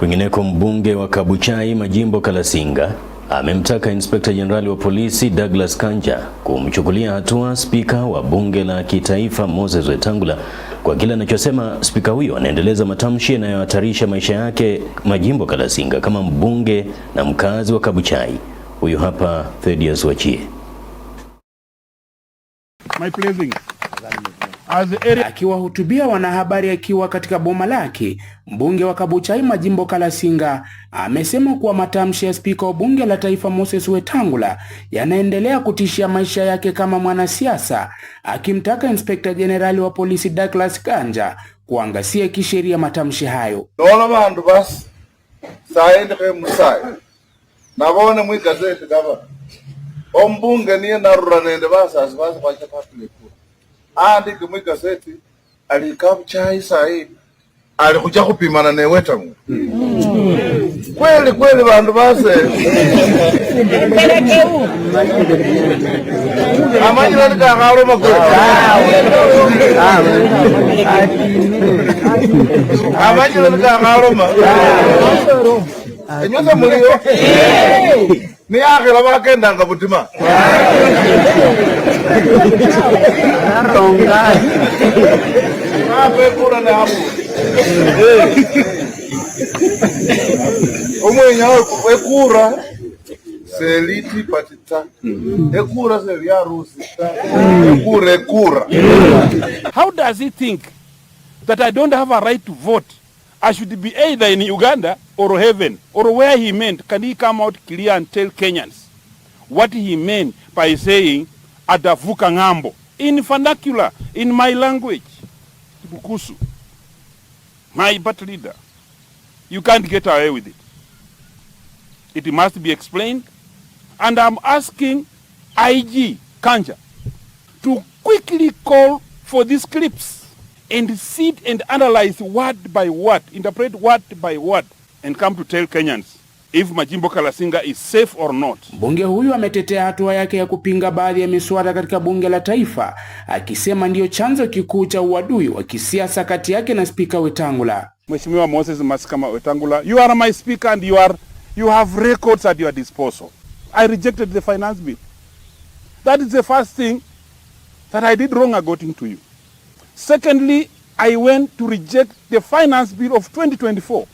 Kwingineko, mbunge wa Kabuchai Majimbo Kalasinga amemtaka Inspekta Jenerali wa Polisi Douglas Kanja kumchukulia hatua spika wa bunge la kitaifa Moses Wetangula kwa kile anachosema spika huyo anaendeleza matamshi yanayohatarisha maisha yake Majimbo Kalasinga kama mbunge na mkazi wa Kabuchai. Huyu hapa Thedius Wachie. My Akiwahutubia wanahabari akiwa katika boma lake, mbunge wa Kabuchai Majimbo Kalasinga amesema kuwa matamshi ya spika wa bunge la taifa Moses Wetangula yanaendelea kutishia maisha yake kama mwanasiasa, akimtaka inspekta jenerali wa polisi Douglas Kanja kuangazia kisheria matamshi hayo. Ndona mwigazeti ombunge niye narura nende andi gimwi gazeti chai sahi alikuja kupimana ne mu kweli kweli vandu vase amanyira ndikakhaloma amanyira ndikakhaloma enyusa muliyo niyakhila bakendanga vutima ekura seliti patita ekura ekura how does he think that i don't have a right to vote I should be either in Uganda or heaven or where he meant. Can he come out clear and tell Kenyans what he meant by saying atavuka ng'ambo. In vernacular, in my language, Kibukusu, my party leader, you can't get away with it. It must be explained. And I'm asking IG Kanja to quickly call for these clips and sit and analyze word by word, interpret word by word, and come to tell Kenyans if Majimbo Kalasinga is safe or not. Mbunge huyu ametetea hatua yake ya kupinga baadhi ya miswada katika bunge la taifa akisema ndiyo chanzo kikuu cha uadui wa kisiasa kati yake na spika Wetangula. Mheshimiwa Moses Masikama Wetangula, you are my speaker and you are you have records at your disposal. I rejected the finance bill. That is the first thing that I did wrong according to you. Secondly, I went to reject the finance bill of 2024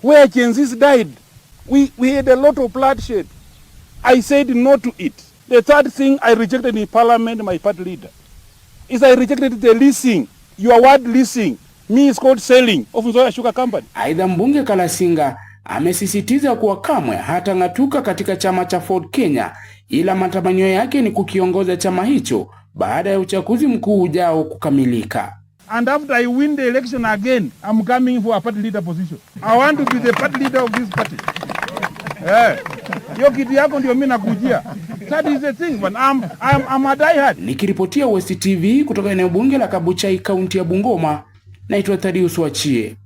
where Gen Z's died. We, we had a lot of bloodshed. I said no to it. The third thing I rejected in parliament, my party leader, is I rejected the leasing, your word leasing. Me is called selling of Nzoia Sugar Company. Aidha, mbunge Kalasinga amesisitiza kuwa kamwe hatang'atuka katika chama cha Ford Kenya, ila matamanio yake ni kukiongoza chama hicho baada ya uchaguzi mkuu ujao kukamilika. And after I win the election again, I'm coming for a party leader position. I want to be the party leader of this party. Eh, hiyo kitu yako ndio mimi nakujia. That is the thing, man. I'm, I'm, I'm a diehard. Nikiripotia West TV kutoka eneo bunge la Kabuchai, kaunti ya Bungoma, naitwa Thaddeus Wachie.